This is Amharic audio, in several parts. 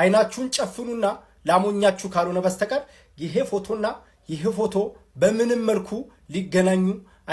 አይናችሁን ጨፍኑና ላሞኛችሁ ካልሆነ በስተቀር ይሄ ፎቶና ይሄ ፎቶ በምንም መልኩ ሊገናኙ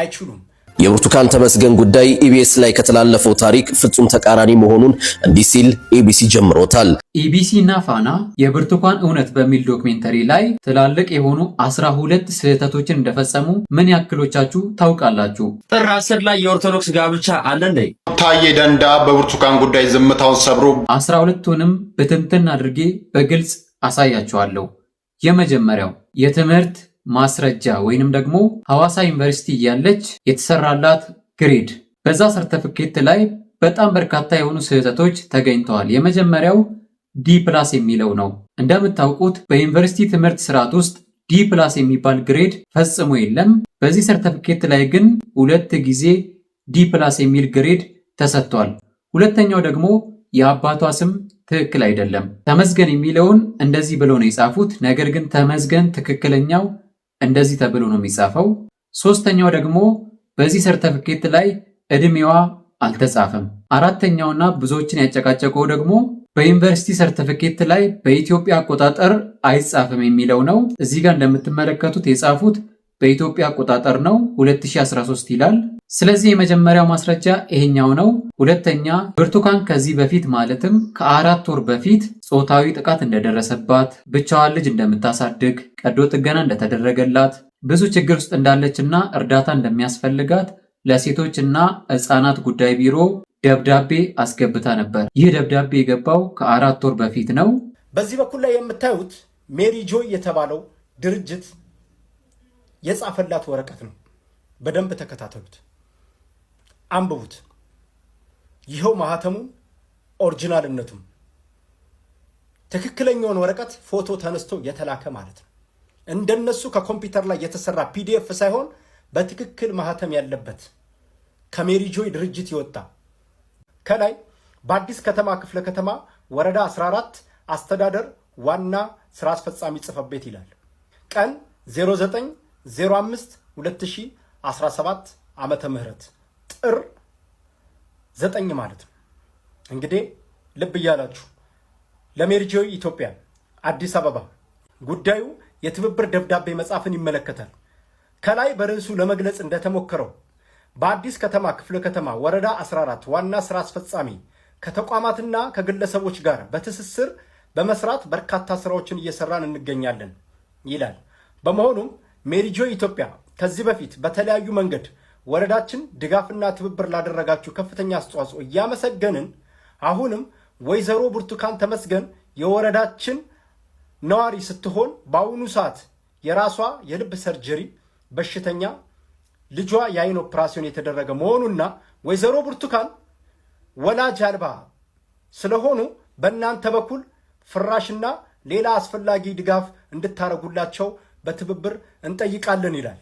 አይችሉም። የብርቱካን ተመስገን ጉዳይ ኢቢኤስ ላይ ከተላለፈው ታሪክ ፍጹም ተቃራኒ መሆኑን እንዲህ ሲል ኢቢሲ ጀምሮታል። ኢቢሲ እና ፋና የብርቱካን እውነት በሚል ዶክሜንተሪ ላይ ትላልቅ የሆኑ አስራ ሁለት ስህተቶችን እንደፈጸሙ ምን ያክሎቻችሁ ታውቃላችሁ? ጥር አስር ላይ የኦርቶዶክስ ጋብቻ አለ እንዴ? ታዬ ደንዳ በብርቱካን ጉዳይ ዝምታውን ሰብሮ አስራ ሁለቱንም ብትንትን አድርጌ በግልጽ አሳያቸዋለሁ። የመጀመሪያው የትምህርት ማስረጃ ወይንም ደግሞ ሐዋሳ ዩኒቨርሲቲ እያለች የተሰራላት ግሬድ፣ በዛ ሰርተፍኬት ላይ በጣም በርካታ የሆኑ ስህተቶች ተገኝተዋል። የመጀመሪያው ዲ ፕላስ የሚለው ነው። እንደምታውቁት በዩኒቨርሲቲ ትምህርት ስርዓት ውስጥ ዲ ፕላስ የሚባል ግሬድ ፈጽሞ የለም። በዚህ ሰርተፍኬት ላይ ግን ሁለት ጊዜ ዲ ፕላስ የሚል ግሬድ ተሰጥቷል። ሁለተኛው ደግሞ የአባቷ ስም ትክክል አይደለም። ተመስገን የሚለውን እንደዚህ ብሎ ነው የጻፉት። ነገር ግን ተመስገን ትክክለኛው እንደዚህ ተብሎ ነው የሚጻፈው። ሶስተኛው ደግሞ በዚህ ሰርተፍኬት ላይ እድሜዋ አልተጻፈም። አራተኛውና ብዙዎችን ያጨቃጨቀው ደግሞ በዩኒቨርሲቲ ሰርተፍኬት ላይ በኢትዮጵያ አቆጣጠር አይጻፍም የሚለው ነው። እዚህ ጋር እንደምትመለከቱት የጻፉት በኢትዮጵያ አቆጣጠር ነው 2013 ይላል። ስለዚህ የመጀመሪያው ማስረጃ ይሄኛው ነው። ሁለተኛ ብርቱካን ከዚህ በፊት ማለትም ከአራት ወር በፊት ጾታዊ ጥቃት እንደደረሰባት፣ ብቻዋን ልጅ እንደምታሳድግ፣ ቀዶ ጥገና እንደተደረገላት፣ ብዙ ችግር ውስጥ እንዳለችና እርዳታ እንደሚያስፈልጋት ለሴቶችና ሕፃናት ጉዳይ ቢሮ ደብዳቤ አስገብታ ነበር። ይህ ደብዳቤ የገባው ከአራት ወር በፊት ነው። በዚህ በኩል ላይ የምታዩት ሜሪ ጆይ የተባለው ድርጅት የጻፈላት ወረቀት ነው። በደንብ ተከታተሉት። አንብቡት። ይኸው ማህተሙም ኦሪጂናልነቱም ትክክለኛውን ወረቀት ፎቶ ተነስቶ የተላከ ማለት ነው። እንደነሱ ከኮምፒውተር ላይ የተሰራ ፒዲኤፍ ሳይሆን በትክክል ማህተም ያለበት ከሜሪጆይ ድርጅት ይወጣ። ከላይ በአዲስ ከተማ ክፍለ ከተማ ወረዳ 14 አስተዳደር ዋና ስራ አስፈጻሚ ጽፈቤት ቤት ይላል። ቀን 0905 2017 ዓመተ ምህረት ጥር ዘጠኝ ማለት ነው። እንግዲህ ልብ እያላችሁ ለሜርጆ ኢትዮጵያ አዲስ አበባ ጉዳዩ የትብብር ደብዳቤ መጻፍን ይመለከታል። ከላይ በርዕሱ ለመግለጽ እንደተሞከረው በአዲስ ከተማ ክፍለ ከተማ ወረዳ 14 ዋና ስራ አስፈጻሚ ከተቋማትና ከግለሰቦች ጋር በትስስር በመስራት በርካታ ስራዎችን እየሰራን እንገኛለን ይላል። በመሆኑም ሜሪጆ ኢትዮጵያ ከዚህ በፊት በተለያዩ መንገድ ወረዳችን ድጋፍና ትብብር ላደረጋችሁ ከፍተኛ አስተዋጽኦ እያመሰገንን አሁንም ወይዘሮ ብርቱካን ተመስገን የወረዳችን ነዋሪ ስትሆን በአሁኑ ሰዓት የራሷ የልብ ሰርጀሪ በሽተኛ ልጇ የአይን ኦፕራሲዮን የተደረገ መሆኑና ወይዘሮ ብርቱካን ወላጅ አልባ ስለሆኑ በእናንተ በኩል ፍራሽና ሌላ አስፈላጊ ድጋፍ እንድታደርጉላቸው በትብብር እንጠይቃለን ይላል።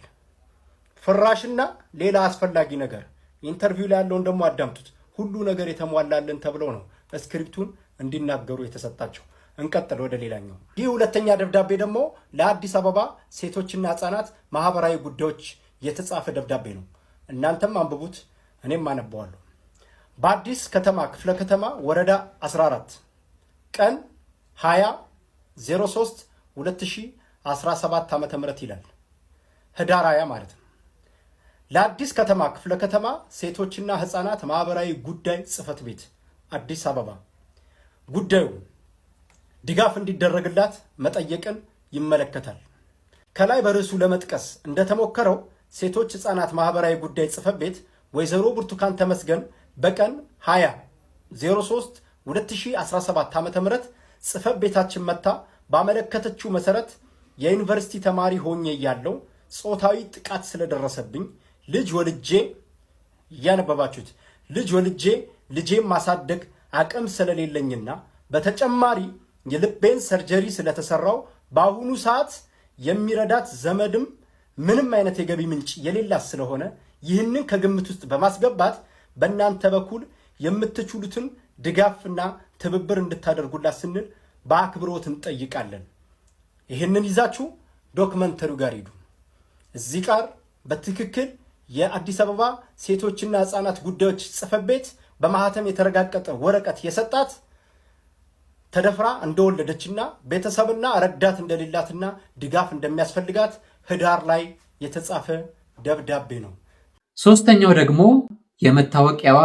ፍራሽና ሌላ አስፈላጊ ነገር። ኢንተርቪው ላይ ያለውን ደግሞ አዳምጡት። ሁሉ ነገር የተሟላልን ተብለው ነው እስክሪፕቱን እንዲናገሩ የተሰጣቸው። እንቀጥል ወደ ሌላኛው። ይህ ሁለተኛ ደብዳቤ ደግሞ ለአዲስ አበባ ሴቶችና ህጻናት ማህበራዊ ጉዳዮች የተጻፈ ደብዳቤ ነው። እናንተም አንብቡት፣ እኔም አነበዋለሁ። በአዲስ ከተማ ክፍለ ከተማ ወረዳ 14 ቀን 20 03 2017 ዓ.ም ይላል። ህዳር 20 ማለት ነው። ለአዲስ ከተማ ክፍለ ከተማ ሴቶችና ህፃናት ማህበራዊ ጉዳይ ጽህፈት ቤት አዲስ አበባ ጉዳዩ ድጋፍ እንዲደረግላት መጠየቅን ይመለከታል። ከላይ በርዕሱ ለመጥቀስ እንደተሞከረው ሴቶች ህፃናት ማህበራዊ ጉዳይ ጽህፈት ቤት ወይዘሮ ብርቱካን ተመስገን በቀን 20 03 2017 ዓ ም ጽህፈት ቤታችን መታ ባመለከተችው መሰረት የዩኒቨርሲቲ ተማሪ ሆኜ እያለሁ ጾታዊ ጥቃት ስለደረሰብኝ ልጅ ወልጄ እያነበባችሁት ልጅ ወልጄ ልጄን ማሳደግ አቅም ስለሌለኝና በተጨማሪ የልቤን ሰርጀሪ ስለተሰራው በአሁኑ ሰዓት የሚረዳት ዘመድም ምንም አይነት የገቢ ምንጭ የሌላት ስለሆነ ይህንን ከግምት ውስጥ በማስገባት በእናንተ በኩል የምትችሉትን ድጋፍና ትብብር እንድታደርጉላት ስንል በአክብሮት እንጠይቃለን። ይህንን ይዛችሁ ዶክመንተሪው ጋር ሂዱ። እዚህ ጋር በትክክል የአዲስ አበባ ሴቶችና ህጻናት ጉዳዮች ጽሕፈት ቤት በማህተም የተረጋገጠ ወረቀት የሰጣት ተደፍራ እንደወለደችና ቤተሰብና ረዳት እንደሌላትና ድጋፍ እንደሚያስፈልጋት ህዳር ላይ የተጻፈ ደብዳቤ ነው። ሶስተኛው ደግሞ የመታወቂያዋ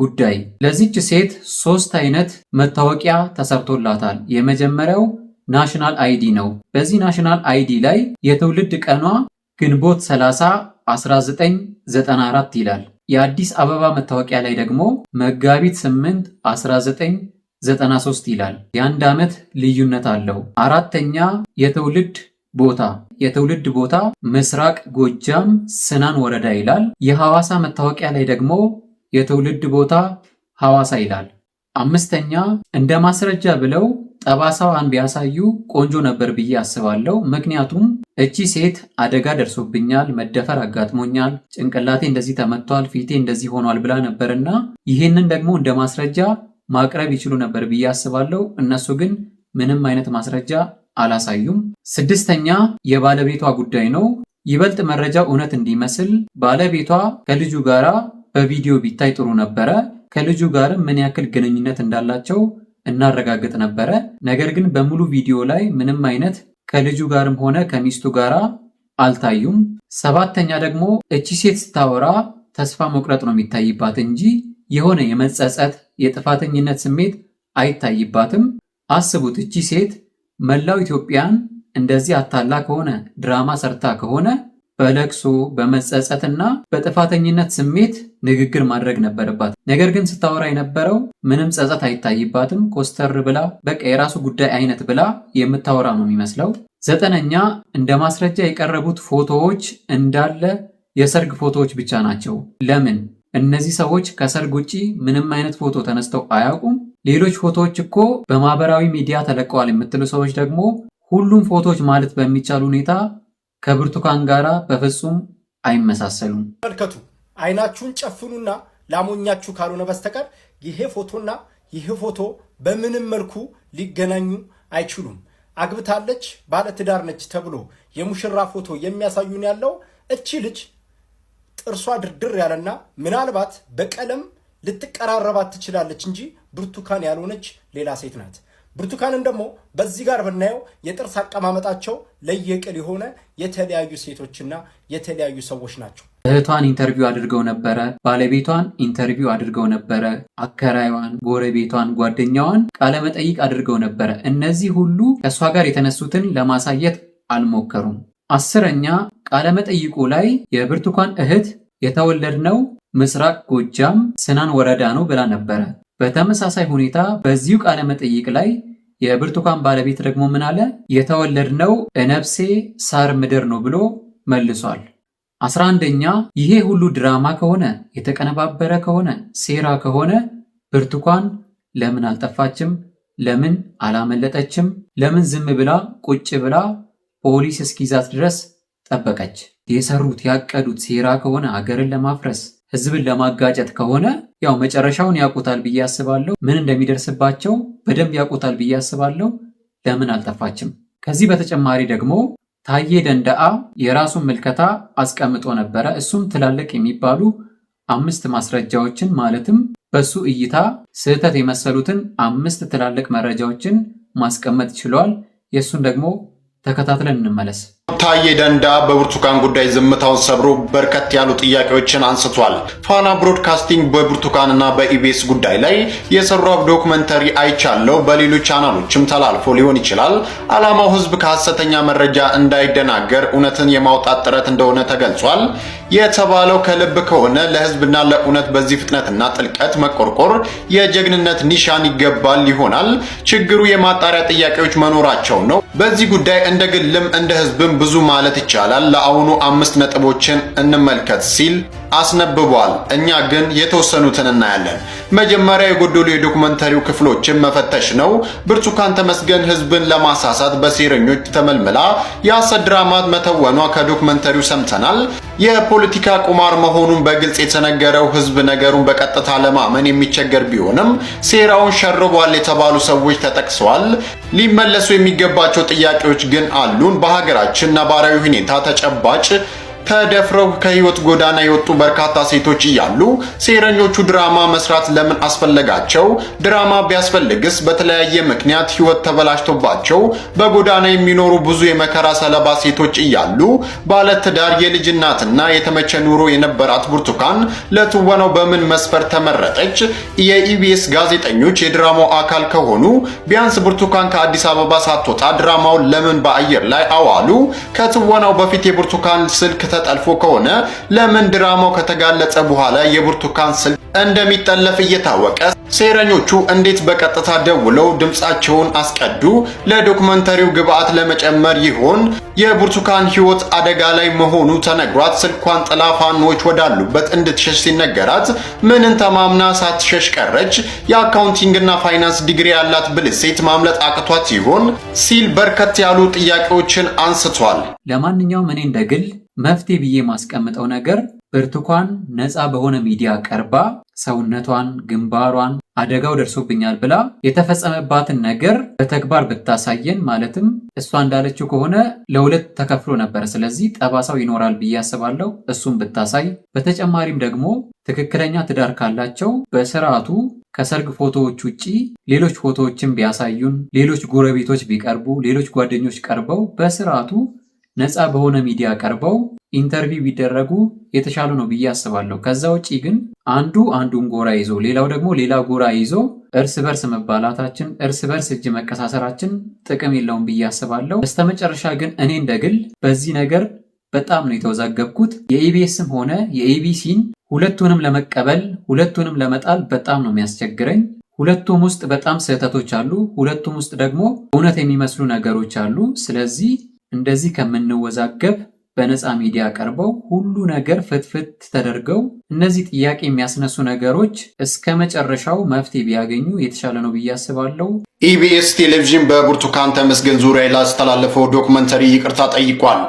ጉዳይ። ለዚች ሴት ሶስት አይነት መታወቂያ ተሰርቶላታል። የመጀመሪያው ናሽናል አይዲ ነው። በዚህ ናሽናል አይዲ ላይ የትውልድ ቀኗ ግንቦት 30 1994 ይላል። የአዲስ አበባ መታወቂያ ላይ ደግሞ መጋቢት 8 1993 ይላል። የአንድ ዓመት ልዩነት አለው። አራተኛ የትውልድ ቦታ የትውልድ ቦታ ምስራቅ ጎጃም ስናን ወረዳ ይላል። የሐዋሳ መታወቂያ ላይ ደግሞ የትውልድ ቦታ ሐዋሳ ይላል። አምስተኛ እንደ ማስረጃ ብለው ጠባሳዋን ቢያሳዩ ቆንጆ ነበር ብዬ አስባለሁ። ምክንያቱም እቺ ሴት አደጋ ደርሶብኛል፣ መደፈር አጋጥሞኛል፣ ጭንቅላቴ እንደዚህ ተመቷል፣ ፊቴ እንደዚህ ሆኗል ብላ ነበርና ይህንን ደግሞ እንደ ማስረጃ ማቅረብ ይችሉ ነበር ብዬ አስባለሁ። እነሱ ግን ምንም አይነት ማስረጃ አላሳዩም። ስድስተኛ የባለቤቷ ጉዳይ ነው። ይበልጥ መረጃው እውነት እንዲመስል ባለቤቷ ከልጁ ጋር በቪዲዮ ቢታይ ጥሩ ነበረ። ከልጁ ጋርም ምን ያክል ግንኙነት እንዳላቸው እናረጋግጥ ነበረ። ነገር ግን በሙሉ ቪዲዮ ላይ ምንም አይነት ከልጁ ጋርም ሆነ ከሚስቱ ጋር አልታዩም። ሰባተኛ ደግሞ እቺ ሴት ስታወራ ተስፋ መቁረጥ ነው የሚታይባት እንጂ የሆነ የመጸጸት የጥፋተኝነት ስሜት አይታይባትም። አስቡት እቺ ሴት መላው ኢትዮጵያን እንደዚህ አታላ ከሆነ ድራማ ሰርታ ከሆነ በለቅሶ በመጸጸትና በጥፋተኝነት ስሜት ንግግር ማድረግ ነበረባት። ነገር ግን ስታወራ የነበረው ምንም ጸጸት አይታይባትም። ኮስተር ብላ በቃ የራሱ ጉዳይ አይነት ብላ የምታወራ ነው የሚመስለው። ዘጠነኛ እንደ ማስረጃ የቀረቡት ፎቶዎች እንዳለ የሰርግ ፎቶዎች ብቻ ናቸው። ለምን? እነዚህ ሰዎች ከሰርግ ውጪ ምንም አይነት ፎቶ ተነስተው አያውቁም። ሌሎች ፎቶዎች እኮ በማህበራዊ ሚዲያ ተለቀዋል የምትሉ ሰዎች ደግሞ ሁሉም ፎቶዎች ማለት በሚቻል ሁኔታ ከብርቱካን ጋራ በፍጹም አይመሳሰሉም። መልከቱ አይናችሁን ጨፍኑና ላሞኛችሁ ካልሆነ በስተቀር ይሄ ፎቶና ይህ ፎቶ በምንም መልኩ ሊገናኙ አይችሉም። አግብታለች፣ ባለትዳር ነች ተብሎ የሙሽራ ፎቶ የሚያሳዩን ያለው እቺ ልጅ ጥርሷ ድርድር ያለና ምናልባት በቀለም ልትቀራረባት ትችላለች እንጂ ብርቱካን ያልሆነች ሌላ ሴት ናት። ብርቱካንን ደግሞ በዚህ ጋር ብናየው የጥርስ አቀማመጣቸው ለየቅል የሆነ የተለያዩ ሴቶችና የተለያዩ ሰዎች ናቸው። እህቷን ኢንተርቪው አድርገው ነበረ፣ ባለቤቷን ኢንተርቪው አድርገው ነበረ፣ አከራይዋን፣ ጎረቤቷን፣ ጓደኛዋን ቃለመጠይቅ አድርገው ነበረ። እነዚህ ሁሉ ከእሷ ጋር የተነሱትን ለማሳየት አልሞከሩም። አስረኛ ቃለመጠይቁ ላይ የብርቱካን እህት የተወለድነው ምስራቅ ጎጃም ስናን ወረዳ ነው ብላ ነበረ። በተመሳሳይ ሁኔታ በዚሁ ቃለ መጠይቅ ላይ የብርቱካን ባለቤት ደግሞ ምን አለ? የተወለድነው እነብሴ ሳር ምድር ነው ብሎ መልሷል። አስራ አንደኛ ይሄ ሁሉ ድራማ ከሆነ የተቀነባበረ ከሆነ ሴራ ከሆነ ብርቱካን ለምን አልጠፋችም? ለምን አላመለጠችም? ለምን ዝም ብላ ቁጭ ብላ ፖሊስ እስኪዛት ድረስ ጠበቀች? የሰሩት ያቀዱት ሴራ ከሆነ አገርን ለማፍረስ ህዝብን ለማጋጨት ከሆነ ያው መጨረሻውን ያውቁታል ብዬ አስባለሁ። ምን እንደሚደርስባቸው በደንብ ያውቁታል ብዬ አስባለሁ። ለምን አልጠፋችም? ከዚህ በተጨማሪ ደግሞ ታዬ ደንደአ የራሱን ምልከታ አስቀምጦ ነበረ። እሱም ትላልቅ የሚባሉ አምስት ማስረጃዎችን ማለትም በሱ እይታ ስህተት የመሰሉትን አምስት ትላልቅ መረጃዎችን ማስቀመጥ ችሏል። የእሱን ደግሞ ተከታትለን እንመለስ። ታዬ ደንዳ በብርቱካን ጉዳይ ዝምታውን ሰብሮ በርከት ያሉ ጥያቄዎችን አንስቷል። ፋና ብሮድካስቲንግ በብርቱካንና በኢቢኤስ ጉዳይ ላይ የሰራው ዶክመንተሪ አይቻለው፣ በሌሎች ቻናሎችም ተላልፎ ሊሆን ይችላል። አላማው ህዝብ ከሀሰተኛ መረጃ እንዳይደናገር እውነትን የማውጣት ጥረት እንደሆነ ተገልጿል። የተባለው ከልብ ከሆነ ለህዝብና ለእውነት በዚህ ፍጥነትና ጥልቀት መቆርቆር የጀግንነት ኒሻን ይገባል ይሆናል። ችግሩ የማጣሪያ ጥያቄዎች መኖራቸው ነው። በዚህ ጉዳይ እንደ ግልም እንደ ህዝብም ብዙ ማለት ይቻላል። ለአሁኑ አምስት ነጥቦችን እንመልከት ሲል አስነብቧል። እኛ ግን የተወሰኑትን እናያለን። መጀመሪያ የጎደሉ የዶክመንተሪው ክፍሎችን መፈተሽ ነው። ብርቱካን ተመስገን ህዝብን ለማሳሳት በሴረኞች ተመልምላ የሐሰት ድራማት መተወኗ ከዶክመንተሪው ሰምተናል። የፖለቲካ ቁማር መሆኑን በግልጽ የተነገረው ህዝብ ነገሩን በቀጥታ ለማመን የሚቸገር ቢሆንም ሴራውን ሸርቧል የተባሉ ሰዎች ተጠቅሰዋል። ሊመለሱ የሚገባቸው ጥያቄዎች ግን አሉን። በሀገራችን ነባራዊ ሁኔታ ተጨባጭ ተደፍረው ከህይወት ጎዳና የወጡ በርካታ ሴቶች እያሉ ሴረኞቹ ድራማ መስራት ለምን አስፈለጋቸው? ድራማ ቢያስፈልግስ በተለያየ ምክንያት ህይወት ተበላሽቶባቸው በጎዳና የሚኖሩ ብዙ የመከራ ሰለባ ሴቶች እያሉ ባለትዳር የልጅ እናትና የተመቸ ኑሮ የነበራት ብርቱካን ለትወናው በምን መስፈር ተመረጠች? የኢቢኤስ ጋዜጠኞች የድራማው አካል ከሆኑ ቢያንስ ብርቱካን ከአዲስ አበባ ሳትወጣ ድራማውን ለምን በአየር ላይ አዋሉ? ከትወናው በፊት የብርቱካን ስልክ ተጠልፎ ከሆነ ለምን ድራማው ከተጋለጸ በኋላ የብርቱካን ስልክ እንደሚጠለፍ እየታወቀ ሴረኞቹ እንዴት በቀጥታ ደውለው ድምፃቸውን አስቀዱ? ለዶክመንተሪው ግብአት ለመጨመር ይሆን? የብርቱካን ሕይወት አደጋ ላይ መሆኑ ተነግሯት ስልኳን ጥላ ፋኖች ወዳሉበት እንድትሸሽ ሲነገራት ምንን ተማምና ሳትሸሽ ቀረች? የአካውንቲንግና ፋይናንስ ዲግሪ ያላት ብልሴት ማምለጥ አቅቷት ይሆን ሲል በርከት ያሉ ጥያቄዎችን አንስቷል። ለማንኛውም እኔ እንደግል መፍትሄ ብዬ የማስቀምጠው ነገር ብርቱካን ነፃ በሆነ ሚዲያ ቀርባ ሰውነቷን፣ ግንባሯን አደጋው ደርሶብኛል ብላ የተፈጸመባትን ነገር በተግባር ብታሳየን፣ ማለትም እሷ እንዳለችው ከሆነ ለሁለት ተከፍሎ ነበር። ስለዚህ ጠባሳው ይኖራል ብዬ አስባለሁ። እሱም ብታሳይ፣ በተጨማሪም ደግሞ ትክክለኛ ትዳር ካላቸው በስርዓቱ ከሰርግ ፎቶዎች ውጪ ሌሎች ፎቶዎችን ቢያሳዩን፣ ሌሎች ጎረቤቶች ቢቀርቡ፣ ሌሎች ጓደኞች ቀርበው በስርዓቱ ነፃ በሆነ ሚዲያ ቀርበው ኢንተርቪው ቢደረጉ የተሻሉ ነው ብዬ አስባለሁ። ከዛ ውጪ ግን አንዱ አንዱን ጎራ ይዞ ሌላው ደግሞ ሌላ ጎራ ይዞ እርስ በርስ መባላታችን፣ እርስ በርስ እጅ መቀሳሰራችን ጥቅም የለውም ብዬ አስባለሁ። በስተመጨረሻ ግን እኔ እንደ ግል በዚህ ነገር በጣም ነው የተወዛገብኩት። የኢቢኤስም ሆነ የኢቢሲን ሁለቱንም ለመቀበል ሁለቱንም ለመጣል በጣም ነው የሚያስቸግረኝ። ሁለቱም ውስጥ በጣም ስህተቶች አሉ። ሁለቱም ውስጥ ደግሞ እውነት የሚመስሉ ነገሮች አሉ። ስለዚህ እንደዚህ ከምንወዛገብ በነፃ ሚዲያ ቀርበው ሁሉ ነገር ፍትፍት ተደርገው እነዚህ ጥያቄ የሚያስነሱ ነገሮች እስከ መጨረሻው መፍትሄ ቢያገኙ የተሻለ ነው ብዬ አስባለሁ። ኢቢኤስ ቴሌቪዥን በብርቱካን ተመስገን ዙሪያ ላስተላለፈው ዶክመንተሪ ይቅርታ ጠይቋል።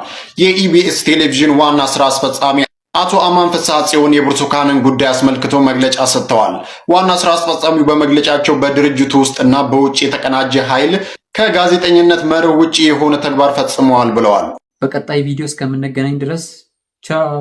የኢቢኤስ ቴሌቪዥን ዋና ስራ አስፈጻሚ አቶ አማን ፍስሐ ጽዮን የብርቱካንን ጉዳይ አስመልክቶ መግለጫ ሰጥተዋል። ዋና ስራ አስፈጻሚው በመግለጫቸው በድርጅቱ ውስጥ እና በውጭ የተቀናጀ ኃይል ከጋዜጠኝነት መርህ ውጭ የሆነ ተግባር ፈጽመዋል ብለዋል። በቀጣይ ቪዲዮ እስከምንገናኝ ድረስ ቻው።